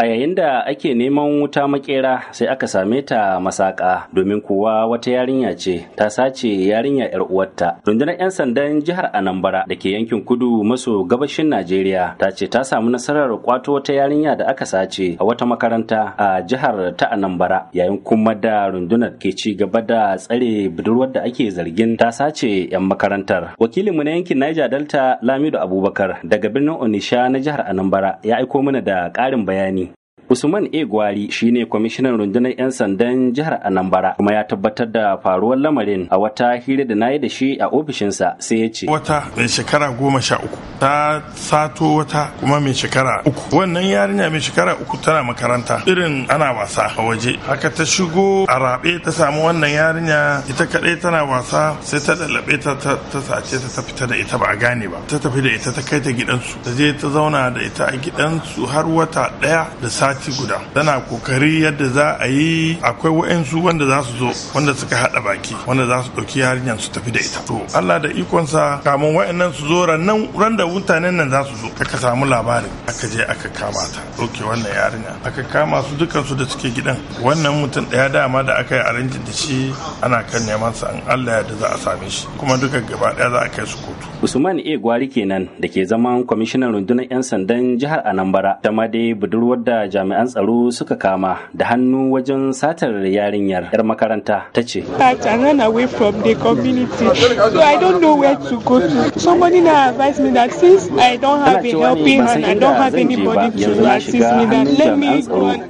A yayin da ake neman wuta makera sai aka same ta masaka domin kuwa wata yarinya ce ta sace yarinya yar uwarta. Rundunar 'yan sandan jihar Anambra da ke yankin kudu maso gabashin Najeriya ta ce ta samu nasarar kwato wata yarinya da aka sace a wata makaranta a jihar ta Anambra yayin kuma da rundunar ke ci gaba da tsare budurwar da ake zargin ta sace 'yan makarantar. Wakilinmu na yankin Niger Delta Lamido Abubakar daga birnin Onisha na jihar Anambra ya aiko mana da ƙarin bayani. Usman A. Gwari ne kwamishinan rundunar 'yan sandan jihar Anambra kuma ya tabbatar da faruwar lamarin a wata hira da nayi da shi a ofishinsa sai ya ce. Wata mai shekara goma sha uku ta sato wata kuma mai shekara uku. Wannan yarinya mai shekara uku tana makaranta irin ana wasa a waje. Haka ta shigo a raɓe ta samu wannan yarinya ita kaɗai tana wasa sai ta lalaɓe ta ta sace ta ta fita da ita ba a gane ba. Ta tafi da ita ta kai ta gidansu. Ta je ta zauna da ita a gidansu har wata ɗaya da sati lokaci guda tana kokari yadda za a yi akwai wa'ansu wanda za su zo wanda suka haɗa baki wanda za su ɗauki yarinyar su tafi da ita to Allah da ikonsa kamun wa'annan su zo nan ran da mutanen nan za su zo aka samu labarin aka je aka kama ta ɗauke wannan yarinya aka kama su dukan su da suke gidan wannan mutum ɗaya dama da aka yi arinjin da shi ana kan neman sa an Allah ya da za a same shi kuma duka gaba ɗaya za a kai su kotu Usman A. Gwari kenan da ke zaman kwamishinan rundunar 'yan sandan jihar Anambra ta dai budurwar da jami'an tsaro suka kama da hannu wajen satar yarinyar 'yar makaranta ta ce. I ran away from the community so I don't know where to go Somebody advised me that since I don't have a helping I don't have anybody to assist me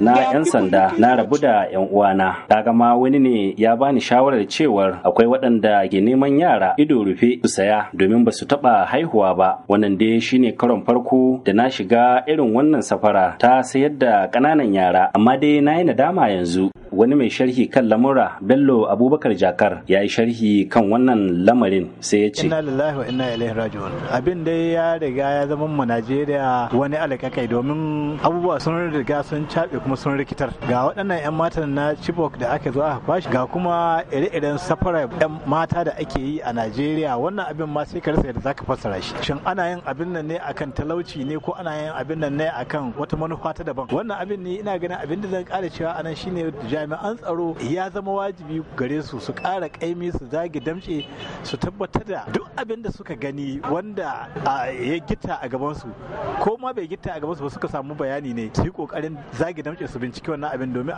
Na 'yan sanda na rabu da 'yan uwana. Ta gama wani ne ya bani shawarar cewar akwai waɗanda ke neman yara ido rufe su saya domin ba su taɓa haihuwa ba wannan dai shine karon farko da na shiga irin wannan safara ta sayar da ƙananan yara amma dai na yi nadama yanzu wani mai sharhi kan lamura bello abubakar jakar ya yi sharhi kan wannan lamarin sai ya ce inna lillahi wa inna ilaihi raji'un abin dai ya riga ya zama mu najeriya wani alakakai domin abubuwa sun riga sun caɓe kuma sun rikitar ga waɗannan 'yan matan na chibok da aka zo aka kwashi ga kuma ire-iren safara 'yan mata da ake yi a najeriya wannan abin ma sai ka rasa yadda zaka fassara shi shin ana yin abin nan ne akan talauci ne ko ana yin abin nan ne akan wata manufa ta daban wannan abin ne ina ganin abin da zan kara cewa anan shine jami'a jami'an tsaro ya zama wajibi gare su su kara kaimi su zage damce su tabbatar da duk abin da suka gani wanda ya gita a gabansu ko ma bai gita a gabansu ba suka samu bayani ne su yi kokarin zage damce su binciki wannan abin domin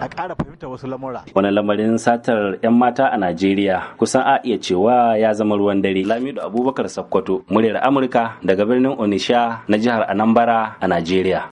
a kara fahimta wasu lamura. wani lamarin satar 'yan mata a najeriya kusan a iya cewa ya zama ruwan dare lamido abubakar sakkwato muryar amurka daga birnin onisha na jihar anambra a najeriya.